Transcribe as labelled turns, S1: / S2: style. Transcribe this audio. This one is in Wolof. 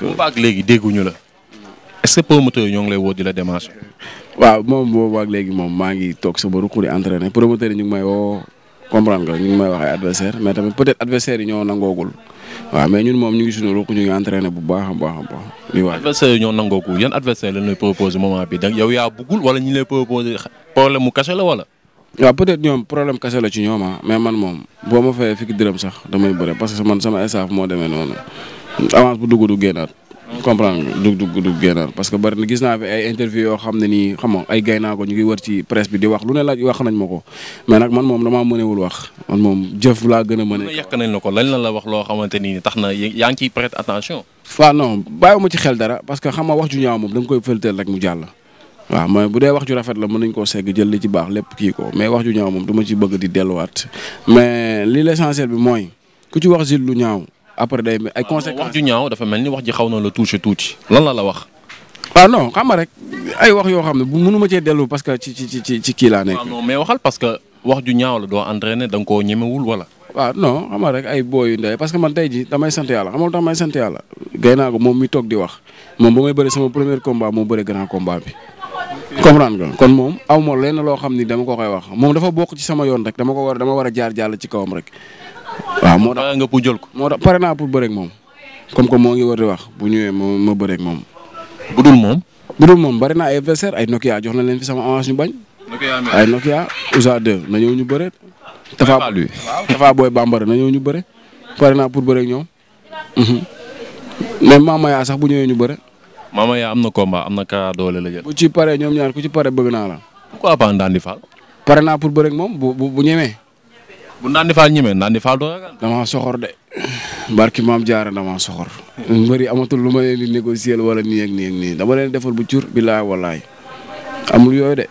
S1: que boobaag
S2: léegi dégguñu la est-ce que promoteurs lay woo di la démarché.
S1: waaw moom boobaag léegi moom maa ngi toog sama ruq di entraîné promoteurs yi ñu ngi may woo comprendre ñu ngi may wax ay mais tamit peut yi ñoo nangoogul waaw mais ñu ngi suñu ruq ñu ngi bu baax a baax a baax. lii waa
S2: adversaire yi ñoo nangoogul yan adversaire
S1: lañ lay problème mu la wala. waaw peut ñoom problème kese la ci ñoom ah mais man moom boo ma fayee fii dërëm sax damay bëre parce que man sama staff moo demee noonu avance bu dugg du génnaat. comprendre nga dugg du génnaat parce que bari na gis naa fi ay interview yoo xam ne nii xam nga ay gay naa ko ñu ngi war ci presse bi di wax lu ne laaj wax nañ ma ko mais nag man moom damaa mënewul wax man moom jëf laa gën a mën a. yàq nañ la ko lañ la la wax loo xamante
S2: ni tax na yaa ngi ciy prête attention.
S1: waaw non bàyyiwuma ci xel dara parce que xam nga wax ju ñaaw moom da koy fëlteel rek mu jàll. waaw mooy bu dee wax ju rafet la mën nañ koo segg jël li ci baax lépp kii ko mais wax ju ñaaw moom du ma ci bëgg di delluwaat mais li l'essentiel bi mooy ku ci wax lu ñaaw après day. ay conséquences wax ju ñaaw dafa mel ni wax ji xaw na la touché tuuti lan la wax. waaw ah, non rek ay wax yoo xam ne bu mënuma cee dellu parce que ci ci ci ci kii laa nekk. non waxal parce que wax
S2: ju ñaaw la doo entraîné da nga ñemewul wala.
S1: waaw ah, non xam nga rek ay booyu ndey parce que man tey ji damay sant yàlla xam nga lu tax may sant yàlla. gay ko moom mi toog di wax moom ba may bëri sama premier combat moo bëri grand combat bi. comprendre nga kon moom aw ma lenn loo xam ni dama ko koy wax moom dafa bokk ci sama yoon rek dama ko war dama war a jaar jàll ci kawam rek. waaw moo tax nga pour jël ko. moo tax pare naa pour bëreeg moom comme que moo ngi war di wax bu ñëwee ma ma bëreeg moom. bu dul moom. bu moom bari naa ay adversaire ay Nokia jox na leen fi sama avance ñu bañ. ay Nokia USA 2 na ñëw ñu bëre. Tafa Tafa Boy Bambara na ñëw ñu bëre. pare naa pour bëreeg ñoom. Mhm. même Mama yaa sax bu ñëwee ñu bëre. Mama yaa am na combat am na ka doole la jël. bu ci paree ñoom ñaar ku ci pare bëgg naa la. pourquoi pas pare naa pour bëreeg moom bu bu bu bu Ndandi Fall ñemee Ndandi Fall doo ragal. damaa soxor de. barki maam jaara damaa soxor. mbëri amatul lu ma leen di négocier wala nii ak nii ak nii dama leen defal bu cur billaay wallaay amul yooyu de.